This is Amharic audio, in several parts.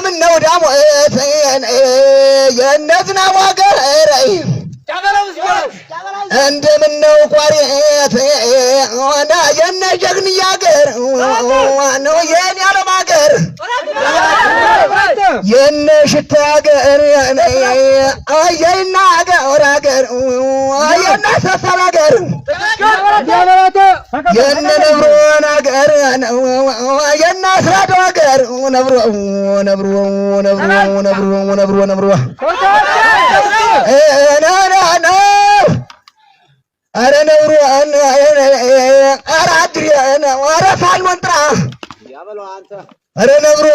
ለምን ነው ዳሞ የእነዝናቡ ሀገር ረይ እንደምን ነው ቋሪ ሆና የነ ጀግንዬ ሀገር ነው የኔ ዓለም ሀገር የነ ሽታ ሀገር አየና ሀገር ሀገር የነ ሰሳር ሀገር የነ ነብሮ ነገር የናስራድ ነገር ነብሮ ነብሮ ነብሮ ነብሮ ነብሮ ነብሮ አረ ነብሮ አረ አድሪ አረ ፋኖን ጥራ አረ ነብሮ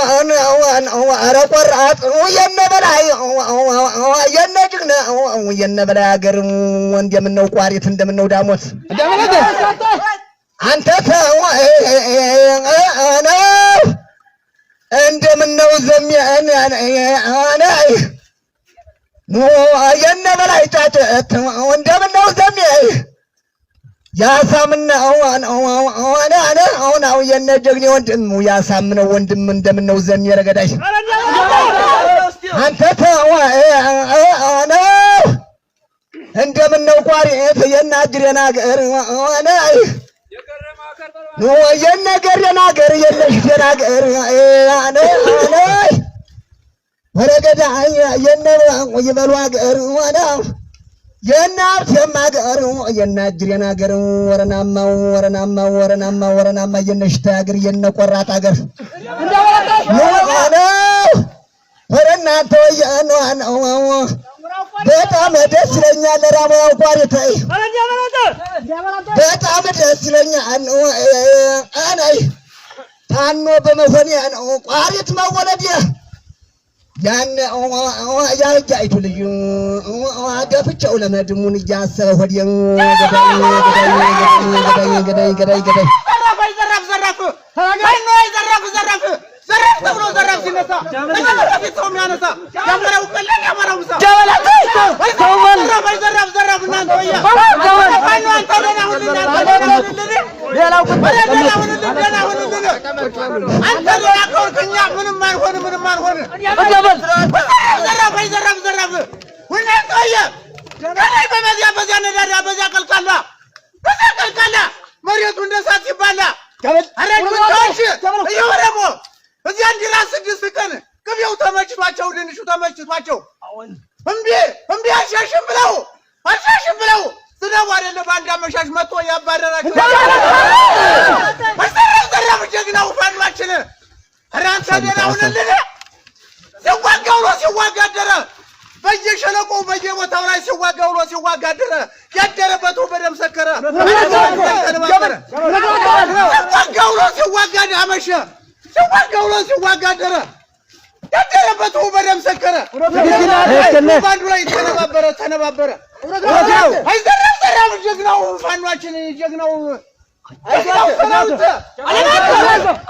አረ ቆራጥ የነ በላይ የነ ጅግና የነ በላይ ሀገር እንደምነው ቋሪት እንደምነው ዳሞት አንተ ተዋነ እንደምነው ዘሚያነ የነ በላይ ጫት እንደምነው ዘሚ ያሳምነው ዋናነ የነ ጀግኔ ወንድም ያሳምነው ወንድም እንደምነው ዘሚ ረገዳሽ አንተ ተዋነ እንደምነው ቋሪት የናግሬ ናገር ዋነ የነገር የናገር የለሽ የናገር አነ አነ ወረገዳ የነባ ይበሉ አገር ወዳ የናብት የማገር የናጅር የናገር ወረናማ ወረናማ ወረናማ ወረናማ የነሽታ አገር የነቆራጥ አገር አነ ወረናቶ የነዋናው በጣም ደስ ይለኛል። ራማው ጓሪ ታይ በጣም ደስ ይለኛል። አናይ ታኖ በመሆን ቋሪት መወለድ ያን ያጃይቱ ልዩ ገፍቼው ለመድሙን እያሰበ ሆዴ ገዳይ ገዳይ ገዳይ ገዳይ ዘራፍ ተብሎ ዘረፍ ሲነሳ በፊት ሰው ነዳዳ በዚያ ቀልቃላ በዚያ ቀልቃላ መሬቱ እንደ ሳት ይባላ አረሽ እየወረሞ እዚያ እንዲራ ስድስት ቀን ቅቤው ተመችቷቸው ድንሹ ተመችቷቸው እምቢ እምቢ አልሸሽም ብለው አልሸሽም ብለው ዝናቡ አይደለ በአንድ አመሻሽ መጥቶ ያባረራቸው አሰራው ዘራፍ ጀግናው ፋኖችን ራንተ ደህና ሁንልን ሲዋጋ ውሎ ሲዋጋ አደረ። በየሸለቆው በየቦታው ላይ ሲዋጋ ውሎ ሲዋጋ አደረ። ያደረበት በደም ሰከረ። ሲዋጋ ውሎ ሲዋጋ አመሸ። ሲዋጋ ውሏል። ሲዋጋ አደረ። ያደረበት በደም ሰከረ። ባንዱ ላይ ተነባበረ ተነባበረ። አይዘረፍ ዘራፍ ጀግናው ፋኗችን ጀግናው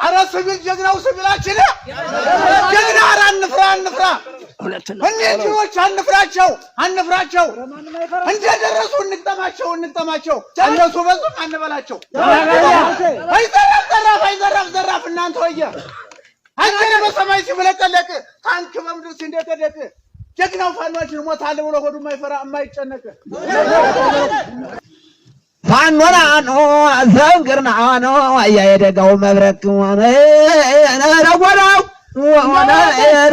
አረ ስቢል ጀግናው ስቢላችን ጀግና አረ አንፍራ አንፍራ እኔዎች አንፍራቸው አንፍራቸው። እንደደረሱ እንቅጠማቸው እንቅጠማቸው። ተነሱ በዙም አንበላቸው ዘራፍ አይዘራፍ ዘራፍ እናንተ ወየ አገር በሰማይ ሲፍለቀለቅ ታንክ በምድር ሲንደቀደቅ ጀግናው ፋኗችን ሞታል ብሎ ሆዱ የማይፈራ የማይጨነቅ ፋኖና ነው አዘንግርና ነው አያ የደጋው መብረቅ ሆነ ረጎራው ሆነ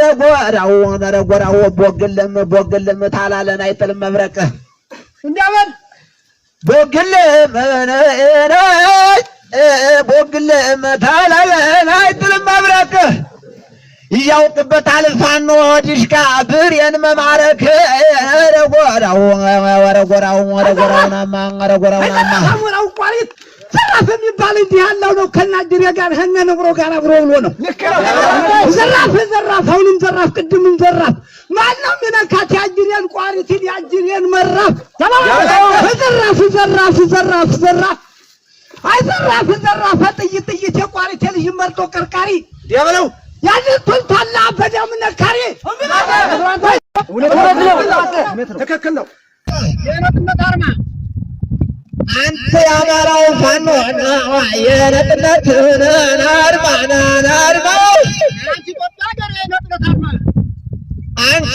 ረጎራው ሆነ ረጎራው ቦግልም ቦግልም ታላለን አይጥልም መብረቅ እንዲያበል ቦግልም ነይ ቦግል ታላላይጥልም አብረክህ እያውቅበታል ፋኖ ዲሽቃ ብሬን መማረክ ረጎራው ረጎራው ረጎራውናማ ቋሪት ዘራፍ የሚባል እንዲህ ያለው ነው። ከናጅሬ ጋር ከነ ንብሮ ጋር አብሮ ብሎ ነው ዘራፍ ዘራፍ፣ አሁንም ዘራፍ፣ ቅድምም ዘራፍ። ማነው የሚነካት ያጅሬን ቋሪትን ያጅሬን መራፍ? ዘራፍ ዘራፍ ዘራፍ ዘራፍ አይዘራፍ ዘራፈ ጥይት ጥይት የቋሪቴ ልጅ መርጦ ቀርቃሪ ዲያብለው ያንን ቱልቷላ በደም ነካሪ ትክክል ነው። አንተ የአማራው ፋኖ የነጥነትን አርማና አርማው አንቺ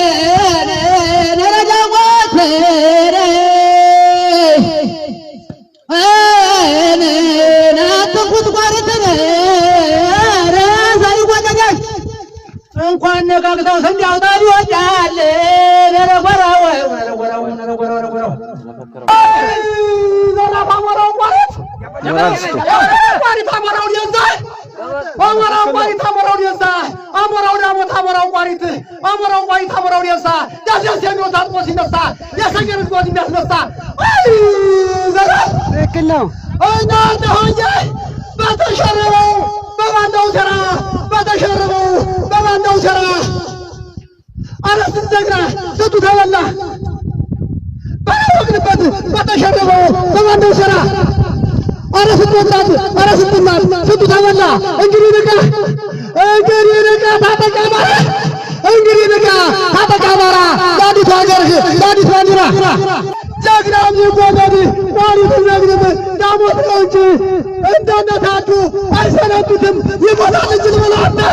እንኳን ነቃቅተው ስንዴ አውጣ ይወጣል። ነረጎራው ነረጎራው ነረጎራው ነረጎራው ቋሪት ስትዘግራ ስቱ ተበላ። ባላወቅንበት በተሸረበው በማነው ስራ አረ ስትወጣት አረ ስትማር ስቱ ተበላ። እንግዲህ ንቃ እንግዲህ ንቃ ታጠቅ አማራ እንግዲህ ንቃ ታጠቅ አማራ ለአዲቱ ሀገርህ ለአዲቱ ባንዲራ ጀግናም ይወደድ ማሪቱ ነግድም ዳሞት ነው እንጂ እንደነታቱ አይሰነብትም ይሞታል እንጂ ልበላ